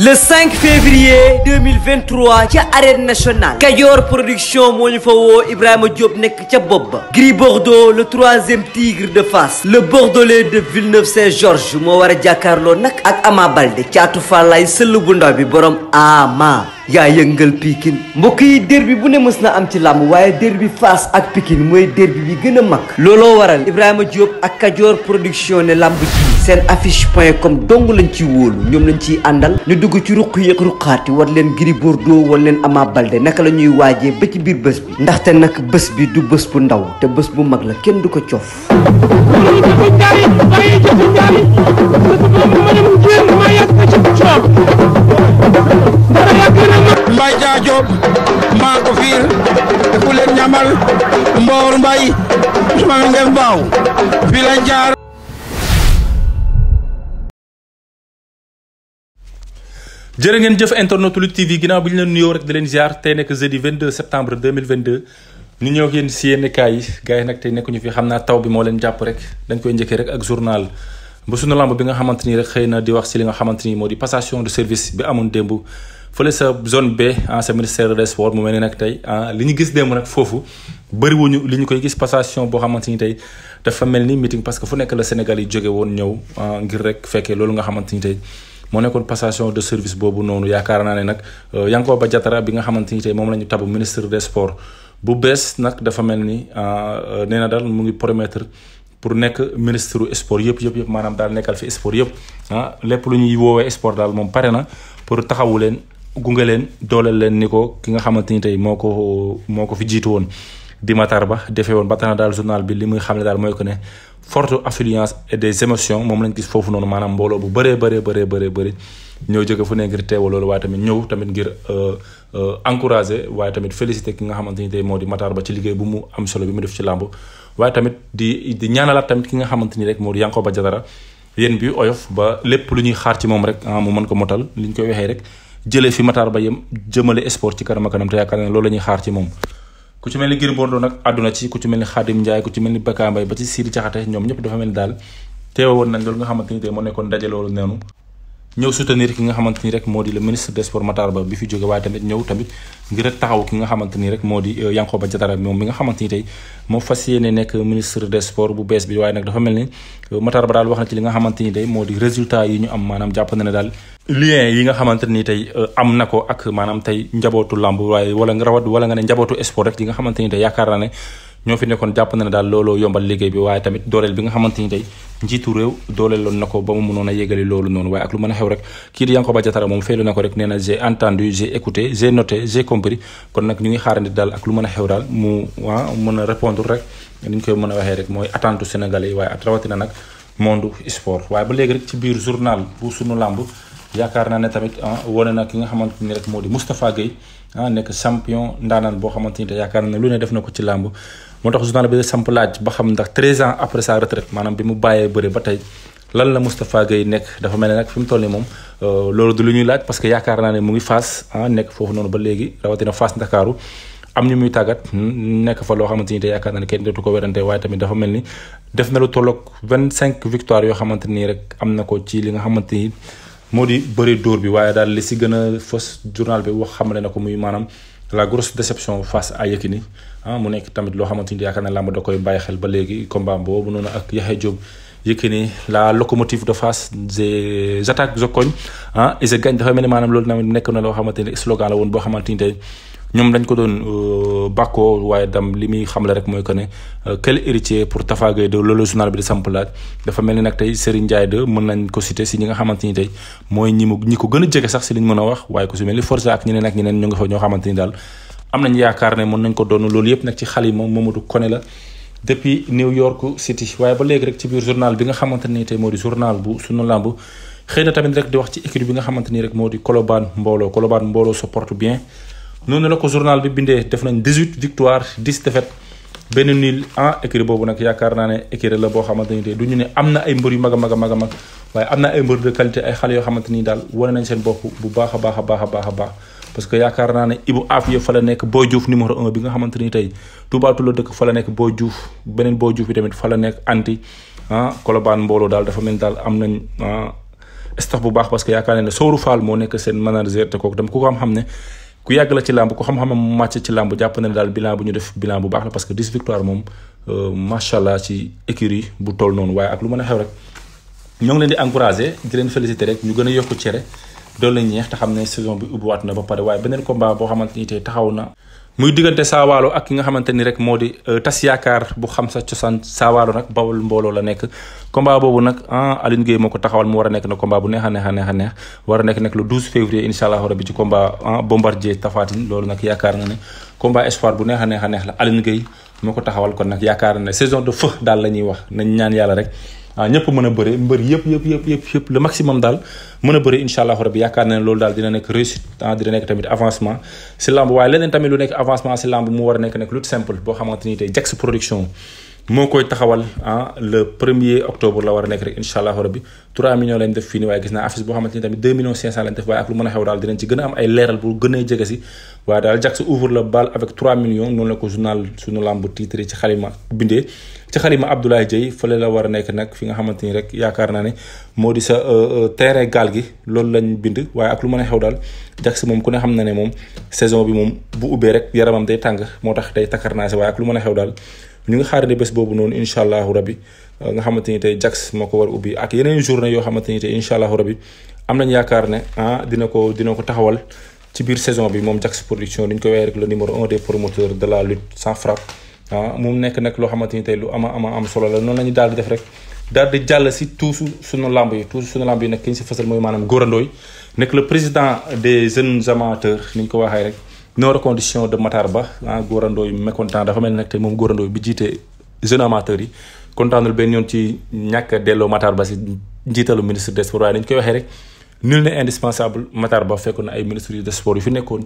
le 5 février 2023 ca arène nationale Kajoor production moo ñu fa woo Ibrahima Diop nekk ca bopp ba Gris Bordeaux le troisième tigre de Fass le bordelais de Villeneuve-Saint-Georges moo war a jàkkaarloo nag ak Ama Baldé caatu Fallaye sëll bu ndaw bi borom Ama yaa yëngal pikin mbokk yi derbi bu ne mës na am ci làmb waaye derbi Fass ak pikin mooy derbi bi gën a mag looloo waral Ibrahima Diop ak Kajoor production ne làmb ji seen affiche point comme dong lañ ci wóolu ñoom lañu ciy àndal ñu dugg ci ruq yi ak war leen Gris Bordeaux war leen Ama Baldé naka la ñuy waajee ba ci biir bës bi ndaxte nag bës bi du bës bu ndaw te bës bu mag la kenn du ko cof jërë ngeen jëf internet Lutte TV ginnaaw bi ñu leen nuyoo rek di leen ziar tey nekk jeudi 22 septembre 2022 ñu ñëw ak yéen si yenn kaay yi gars yi tey nekkuñu fi xam naa taw bi moo leen jàpp rek dañ koy njëkkee rek ak journal bu sunu lamb bi nga xamante ni rek xëy na di wax si li nga xamante ni moo di passation de service bi amoon démb fële B en sa ministère des sports mel ni nag tey ah, li ñu gis démb nag foofu bëriwuñu li ñu koy gis passation boo xamante ni tey dafa mel ni meeting parce que fu nekk la Sénégal jóge woon ñëw ah, ngir rek fekkee loolu nga xamante ni tey moo nekkoon passation de service boobu noonu yaakaar naa ne nag euh, Yankhoba Diattara bi nga xamante ni tey moom la ñu tabb ministre des sports bu bees nag dafa mel ni euh, euh, nee na daal mu ngi promettre pour nekk ministre du sport yëpp yëpp yëpp maanaam daal nekkal fi sport yëpp ah lépp lu ñuy woowee sport daal moom pare na pour taxawu leen gunge leen dooleel leen ni ko ki nga xamante ni tey moo ko moo ko fi jiitu woon. di Matar Ba defee woon ba tax na daal journal bi li muy xam ne daal mooy que ne forte affluence et des émotions moom lañ gis foofu noonu maanaam mbooloo bu bëree bëree bëree bëree bëri ñëw jóge fu ne ngir teewal loolu waaye tamit ñëw tamit ngir euh, euh, encourager waaye tamit féliciter ki nga xamante ni tey moo di Matar Ba ci liggéey bu mu am solo bi mu def ci làmb waaye tamit di di ñaanalaat tamit ki nga xamante ni rek moo di Yankoba Diatara yéen bi oyof ba lépp lu ñuy xaar ci moom rek ah mu mën ko motal li ñu koy wexee rek jëlee fi Matar Ba yem jëmale sport ci kanam a kanam te la ñuy xaar ci moom ku ci mel ni Gris Bordeaux nag àdduna ci ku ci mel ni Khadim Ndiaye ku ci mel ni Baka ba ci Sidi Diakhaté ñoom ñëpp dafa mel ni daal teewoon nañ loolu nga xamante ni tey moo nekkoon daje loolu noonu ñëw soutenir ki nga xamante ni rek moo di le ministre des sports Matar Ba bi fi jóge waaye tamit ñëw tamit ngir rek taxaw ki nga xamante ni rek moo di euh, Yankhoba Diattara moom mi nga xamante ni tey moo fas yéene nekk ministre des sports bu bees bi waaye nag dafa mel ni euh, Matar Ba daal wax na ci li nga xamante ni tey moo di résultat yi ñu am maanaam jàpp na ne daal lien yi nga xamante ni euh, am na ko ak maanaam tey njabootu làmb waaye wala nga wala nga ne njabootu sport rek yi nga xamante ni tey yaakaar naa ne ñoo fi nekkoon jàpp na ne daal looloo yombal liggéey bi waaye tamit dooleel bi nga xamante ni njiitu réew dooleeloon na ko ba mu mënoon a loolu noonu waaye ak lu mën a xew rek kii di Yankhoba Diattara moom feelu na ko rek nee na j'ai nag ñu ngi xaarandi daal ak lu mën a xew daal mu waa mën a répondre rek ni ñu koy mën a waxee rek mooy attente sénégalais yi waaye at rawatina nag monde sport waaye ba léegi rek ci biir journal bu suñu làmb yaakaar naa ne tamit ah, wane na ki nga xamante ni rek moo di Moustapha Gueye ah, nekk champion ndaanaan boo xamante ni te yaakaar na lu ne def na ko ci làmb moo tax journal bi da samp laaj ba xam ndax 13 ans après sa retraite maanaam bi mu bàyyee bëri ba tey lan la Moustapha Gueye nekk dafa mel ne nag fi mu toll nii moom euh, loolu lu ñuy laaj parce que yaakaar naa ne mu ngi Fass ah, nekk foofu noonu ba léegi rawatina Fass Ndakaaru am muy tàggat hmm, nekk fa loo xamante ni te yaakaar naa ne kenn dootu ko werante waaye tamit dafa mel ni def na lu tolloog vingt cinq victoire yoo xamante nii rek am na ko ci li nga xamante ni moo di bëri dóor bi waaye daal li si gën a fës journal bi wax xamale na ko muy maanaam la grosse déception face à Yékini ah mu nekk tamit loo xamante ni yaakaar naa làmb da koy bàyyi xel ba léegi combat boobu noonu ak Yaxya Diop Yékini la locomotive de face des attaques de koñ ah Issa Gagne dafay mel ni maanaam loolu tamit nekk na loo xamante ni slogan la woon boo xamante ni ñoom lañ ko doon euh, bàkkoo waaye dam li muy xamle rek mooy que ne euh, quel héritier pour Tafa Gueye de loolu journal bi di samp dafa mel ne nag tey Serigne Ndiaye de mën nañ ko citer si ñi nga xamante ni tey mooy ñi mu ko gën a jege sax si liñ mën a wax waaye ku si mel ni Forza ak ñeneen ak ñeneen ñu nga fa ñoo xamante ni daal am nañ yaakaar ne mën nañ ko doon loolu yëpp nag ci xalima Mamadou Koné la depuis New York City waaye ba léegi rek ci biir journal bi nga xamante ni tey moo di journal bu sunu xëy na tamit rek di wax ci équipe bi nga xamante ni rek moo di Colobane Mbooloo Colobane Mbooloo se porte bien noonu la ko journal bi bindee def nañ 18 victoire 10 défaite benn nul en écurie boobu nag yaakaar naa ne écurie la boo xamante ni tey du ñu ne am na ay mbër yu mag a mag a mag a mag waaye am ay mbër de qualité ay xale yoo xamante ni daal wane nañ seen bopp bu baax a baax a baax a baax a baax parce que yaakaar naa ne Ibou Afia nekk Boy Diouf numéro un bi nga xamante ni tey Toubatoul la dëkk fa nekk Boy Diouf beneen Boy Diouf bi tamit fa la nekk anti ah Colobane mbooloo daal dafa mel daal am nañ ah, staff bu baax parce que yaakaar naa ne Sowru moo nekk seen manager te kooku dem ku ko am xam ne ku yàgg la ci làmb ku xam-xamam màcc ci làmb jàpp na ne daal bilan bu ñu def bilan bu baax la parce que 10 victoire moom euh, macha allah ci écurie bu toll noonu waaye ak lu mën a xew rek ñoo ngi leen di encouragé di leen félicité rek ñu gën a yokk cere doon la ñeex te xam ne saison bi ubbiwaat na ba pare waaye beneen combat boo xamante ni tey taxaw na. muy diggante saawaalo ak ki nga xamante ni rek moo di euh, tas yaakaar bu xam sa cosaan saawaalo nag bawal mbooloo la nekk combat boobu nag ah Alioune moo ko taxawal mu war na combat bu neex a neex a neex a neex war a nekk nag le 12 février incha allah ah, nag yaakaar na ne combat espoir bu neex a neex a neex la Alioune Gueye moo ko kon nag yaakaar na ne saison de feu daal la ñuy wax nañ ñaan yàlla rek ah ñëpp mën a bëre mbër yëpp yëpp yëpp yëpp yëpp le maximum daal mën a bëre incha allahu rabbi yaakaar na loolu daal dina nekk réussite ah dina nekk tamit avancement si lamb waaye leneen tamit lu nekk avancement si lamb mu war a nekk nekk lu simple boo xamante ni tey Jax production moo koy taxawal ah le premier octobre la war a nekk rek incha allahu rabbi 3 millions lañ def fii nii waaye gis naa affiche boo xamante ni tamit 2 millions 500 lañ def waaye ak lu mën a xew daal dinañ ci gën a am a jege si waaye daal Jax ouvre le bal avec 3 millions noonu la ko journal suñu lamb titre ci xalima bindee ci xalima Abdoulaye Dieye fële war a nekk nag fi nga xamante ni rek yaakaar ne moo di sa euh, euh, terrain gaal gi loolu lañ bind waaye ak mën a xew daal Jax moom ku ne xam na ne moom saison bi moom bu ubbee rek yaramam day tàng moo tax day takkar naa si waaye ak lu mën a xew daal ñu ngi xaarandi bés boobu noonu incha allahu rabi euh, nga xamante ni tey Jax moo ko war ubbi ak yeneen journée yoo xamante ni tey incha allahu rabi am nañ yaakaar ne ah dina ko dina ko taxawal ci biir saison bi moom Jax production ni ñu ko waxee rek le numéro un des promoteurs de la lutte sans frappe ah moom nekk nag loo xamante ni tey lu am ama am solo la noonu la ñu daal di def rek. daal di jàll si tuusu sunu lamb yi tuusu sunu lamb yi nag ki ñu si fësal mooy maanaam Gora Ndoye nekk le président des ñu ko waxee rek. no recondition de Matar Ba ah góorandoo yu mécontent dafa mel ni nag te moom góorandoo bi jiite jeune amateur yi ci ñàkk delloo Matar Ba si njiitalu ministre des sports waaye nañ koy waxee rek nul ne indispensable Matar Ba fekkoon na ay ministres de des sports yu fi nekkoon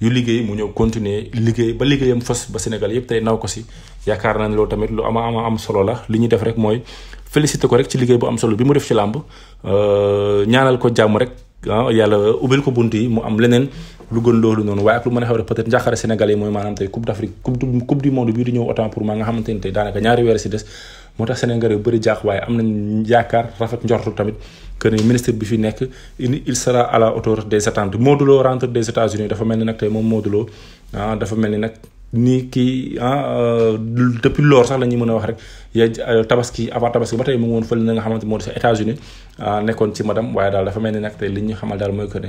yu liggéey mu ñëw continuer liggéey ba liggéeyam fos ba Sénégal yëpp tey naw ko si yaakaar na ne loolu tamit lu ama ama am solo la li ñu def rek mooy féliciter ko rek ci liggéey bu am solo bi mu def ci làmb euh, ñaanal ko jàmm rek ah, yàlla ubbil ko bunt yi mu am leneen lu gën loolu noonu waaye ak lu mën a xew rek peut-être njàqare Sénégal yi mooy maanaam tey coupe d'Afrique coupe du coupe du monde bii di ñëw autant pour moi nga xamante ni daanaka ñaari weer si des moo tax Sénégal yu bëri jaax waaye am nañ yaakaar rafet njortu tamit que ni ministre bi fi nekk il sera à la hauteur des attentes Modou Lo rentre des États-Unis dafa mel ni ah, mel ni nag nii kii ah euh, depuis loor sax la ñuy mën a wax rek ya euh, tabaski avant tabaski ba tey mu ngi woon fële na nga xamante moo di sa États-Unis ah, nekkoon ci madame waaye daal dafa mel ni nag tey li ñu xamal daal mooy que ne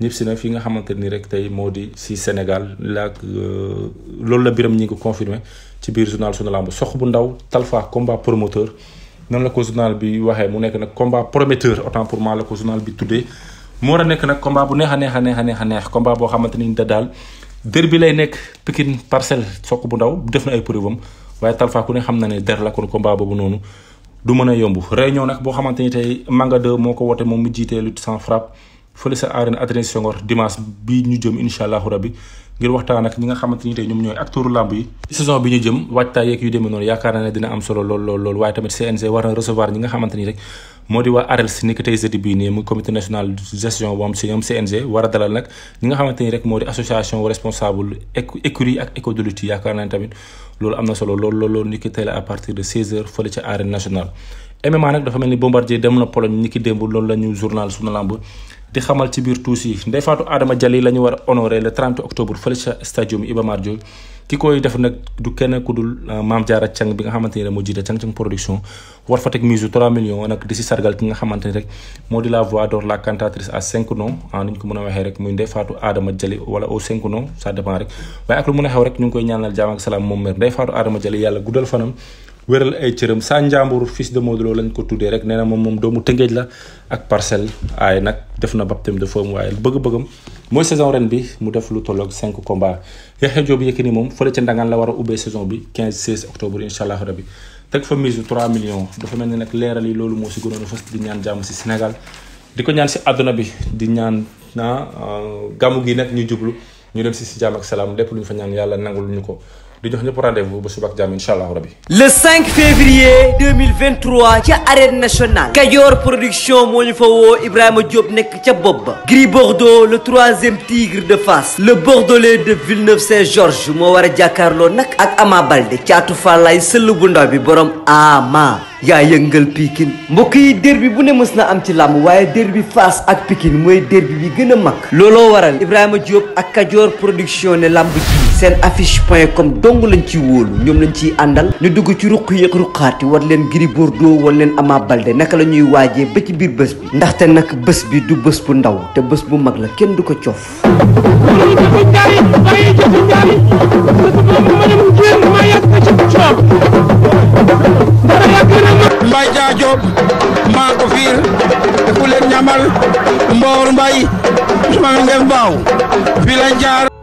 ñëpp na fi nga xamante ni rek tey moo di si Sénégal la euh, loolu la biram ñi ngi confirmé ci biir journal sunu lamb sox bu ndaw Talfa combat promoteur noonu la ko journal bi waxee mu nekk nag combat prometteur autant pour moi la ko bi tuddee moo war a nekk nag combat bu neex a neex a neex a neex a neex combat boo xamante ni da daal dër bi lay nekk Pikine parcelle soq bu ndaw def na ay preuve am waaye Talfa ku ne xam na ne der la kon combat boobu noonu du mën a yomb oo nag boo xamante ni tey Manga moo ko woote moom mu jiitee lutte fële sa arène Adrien Senghor dimanche bi ñu jëm incha allahu rabbi ngir waxtaan ak ñi nga xamante ni tey ñoom ñooy acteur làmb yi saison bi ñu jëm waajtaay yeeg yu demee noonu yaakaar naa ne dina am solo lool lool lool waaye tamit CNG war na xamante ni rek moo di waa ARELS ni ki tey a na solo lool lool lool ni ki tey la à dem na Pologne journal sunu làmb di xamal ci biir tuus yi Ndeye Adama Jali la war a honoré le 30 octobre fële ca stadium Iba Mar ki koy def nag du kenn ku dul euh, Mame Diarra Thiang bi nga xamante moo jiite Thiang nga xamante ni rek moo di la voix d'or la cantatrice à cinq noms ah ni ñu ko mën a waxee rek muy Ndeye Fatou Adama Jali wala au cinq noms ça dépend rek waaye ak lu mën a xew rek ñu ngi koy ñaanal jaam ak salaam moom mer Ndeye Fatou Adama Jali yàlla guddal fanam wéral ay cëram saa njàmbur fils de Modou Lo lañ ko tuddee rek nee na moom moom doomu tëngéej la ak parcelle ay nag def na baptême de forme waaye bëgg-bëggam mooy saison ren bi mu def lu tolloog 5 combats Yaxya Joob Yékini moom fële ci Ndangaan la war a ubbee saison bi 15 16 octobre incha allah rabi teg fa mise 3 millions dafa mel ni nag leeral yi loolu moo si gënoon a fës di ñaan jàmm si Sénégal di ko ñaan si àdduna bi di ñaan na euh, gàmmu gi nag ñu jublu ñu dem si si jàmm ak lépp lu fa ñaan yàlla nangul ñu ko di jox ñëpp rendez-vous ba suba ak jàmm incha allah rabbi le février ca arène nationale Kajoor production moo ñu fa woo Ibrahima Diop nekk ca bopp ba Gris Bordeaux le troisième tigre de Fass le bordelais de Villeneuve Saint-Georges moo war a jàkkaarloo nag ak Ama Balde caatu Fallaye sëll bu ndaw bi borom Ama yaa yëngal Pikine mbokk yi derbi bu ne mës na am ci làmb waaye derbi Fass ak Pikine mooy derbi bi gën a mag looloo waral Ibrahima Diop ak Kajoor production ne làmb ji seen affiche point com dong lañ ci wóolu ñoom lañ ciy àndal ñu dugg ci ruq yi ruqaati war leen Gris Bordeaux war leen Ama Baldé naka la ñuy waajee ba ci biir bës bi ndaxte nag bés bi du bës bu ndaw te bës bu mag la kenn du ko coof Mbaye Dia Diop maa ko fiir ku leen ñamal Mboor Mbaye Ousmane Ngem Mbaaw fii lañ jaar